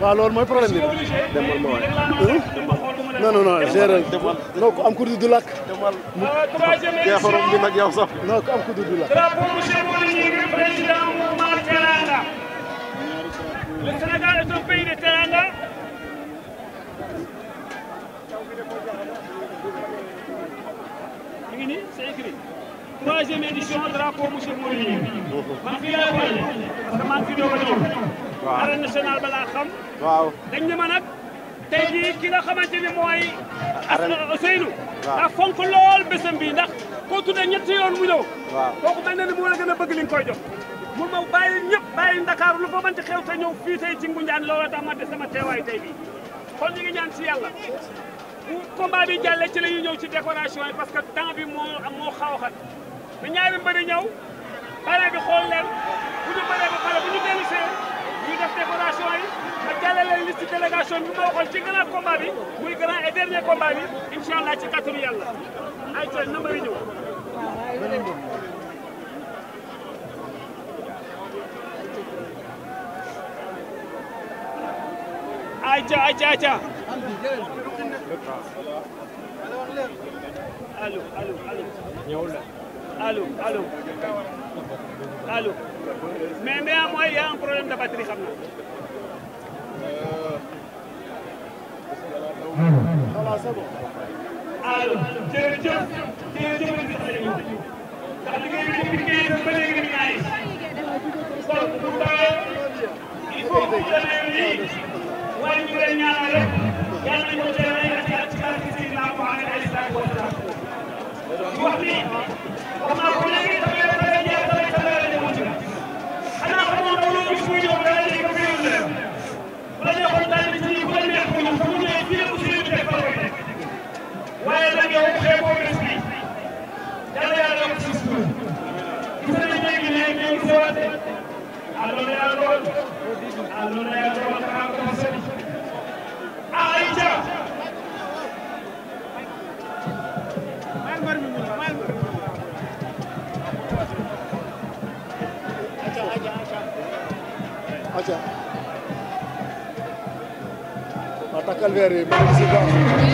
waaw loolu mooy problème bi. demal ma waay. non non non gérer non ku am kuréel du lakk. mu yaa xorom bi nag yow sax. non ku am kuréel du lakk. Le Sénégal est un pays de teranga. mi ngi nii c'est écrit troisième édition drapeau monsieur Mourinho. man fii laa wane parce que man fii doo ko ñëw. waaw arène nationale ba xam. waaw ma nag. tey jii ki nga xamante ni mooy. arène Seynou. waaw ndax fonk lool bésam ndax koo tuddee ñetti yoon mu ñëw. waaw kooku mel na ni moo la gën a bëgg li nga koy jox. mun ma bàyyi ñëpp bàyyi Ndakaaru lu ko mën ci xew te ñëw fii ci Ngoundiane looloo tax ma sama teewaay tey bi kon ñu ñaan si yàlla bu combat bi ci la ñuy ñëw ci décoration yi parce que temps bi moo moo xaw a xat ñaari mbëri bare bi xool leen ñu bëree ba pare bu ñu dellu see ñu def yi ak jàllale leen liste délégation bi ma waxoon ci grand combat bi muy grand et dernier combat bi incha allah ci kàttanu yàlla ay ca na mari ñëw ayca ayca allo mais Mbeya mooy y' a un problème de batterie xam na. allo jërëjëf jërëjëf ndax liggéey bi liggéey bi ba léegi ñu naan yi kon bu tawee il faut que ñu demee lii wala ñu leen ñaanal rek yàlla nañu ko teel a yàq yàq ci kàddu gi si laa ko amee ay saa yu ko dara. wax ni xam naa ko léegi. fodde allonoya ɗon allonoya ɗon kanko sadi aïcha aca attaque alvérie président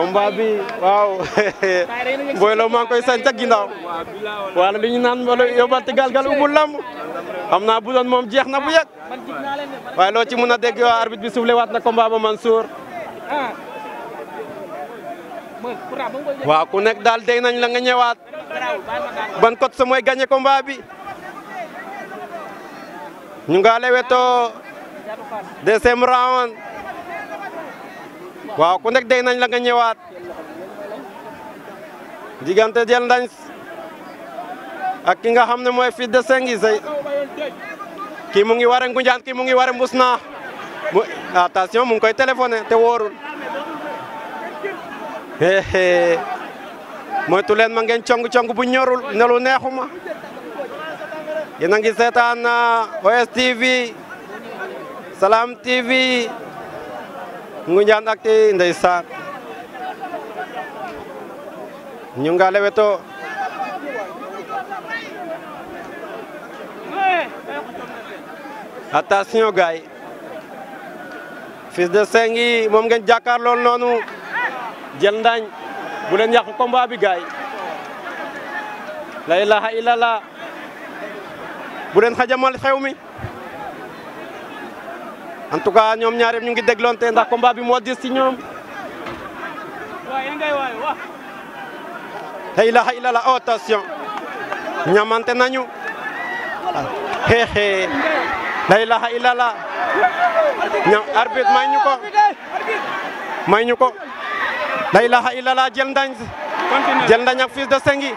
combat bi waaw booy la maa ngi koy sañ ca ginnaaw wala li ñu naan wala yóbbal te galgal ubu lamb xam naa bu doon moom jeex na bu yàgg waaye loo ci mën a dégg waa arbitre bi soufflé waat na combat ba waaw ku nekk daal dégg nañ la nga ñëwaat ban côté sa mooy gagné combat bi ñu nga lewetoo deuxième round waaw ku nekk dégg nañ la nga ñëwaat diggante jël ndañ ak ki nga xam ne mooy fils de Sengi say kii mu ngi ware Ngunjaan kii mu ngi ware Mbusna mu attention mu ngi koy téléphoné te wóorul moytu leen ma ngeen cong cong bu ñorul ne lu neexuma yéen a ngi seetaan euh, OSTV Salam TV Ngoundiane Actu ndeysaan ñu nga leweto attention gaay gay de Sengi moom ngeen jàkkaar lool noonu jël ndaañ bu leen yàqu combat bi gaay la ilaha illallah bu leen xajamal xew mi en tout cas ñoom ñaar ñu ngi dégloonte ndax combat bi moo diis ci ñoom. xëy na xëy ñamante nañu xeexee xëy na xëy la ñam arbitre may ñu ko may ñu ko. la ilaha illallah jël ndañ jël ndañ ak fils de sengi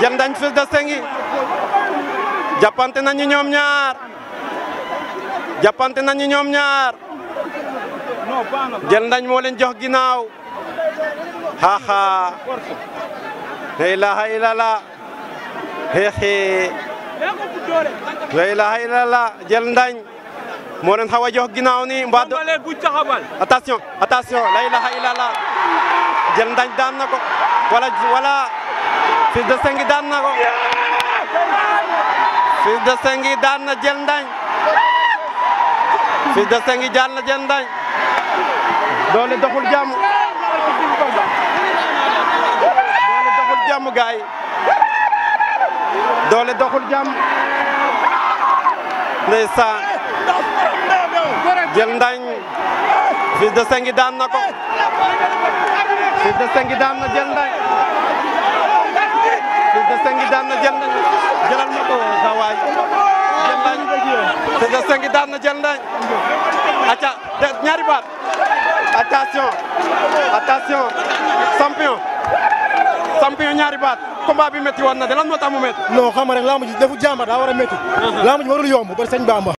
jël ndañ fils de sengi jàppante nañu ñoom ñaar japante nañu ñoom ñaar jël ndañ moo leen jox ginnaaw xaaxaa la ilaha illallah xeexee la ilaha jël ndañ moo leen xaw a jox ginnaaw ni mbaa attention attention la ilaha illallah jël ndañ daan na ko wala wala Fils de Sengi daan na ko Fils de Sengi daan na jël ndañ Fils de Sengi jaan na Diène Ndagne doole doxul jàmm doole doxul jàmm gaay doole doxul jàmm ndeysaan Diène Ndagne Fils de Sengi na ko Fils de Sengi na Diène Ndagne Fils de Sengi na Diène Ndagne jëlal ma ko sa waay te de sengi daan na jël ndañ acca ñaari baat attention attention champion champion ñaari baat combat bi métti woon na de lan moo tax mu métti non xam nga rek ji defu jàmbar daa war a métti uh-huh. laamu ji warul yomb bari sëñ Bamba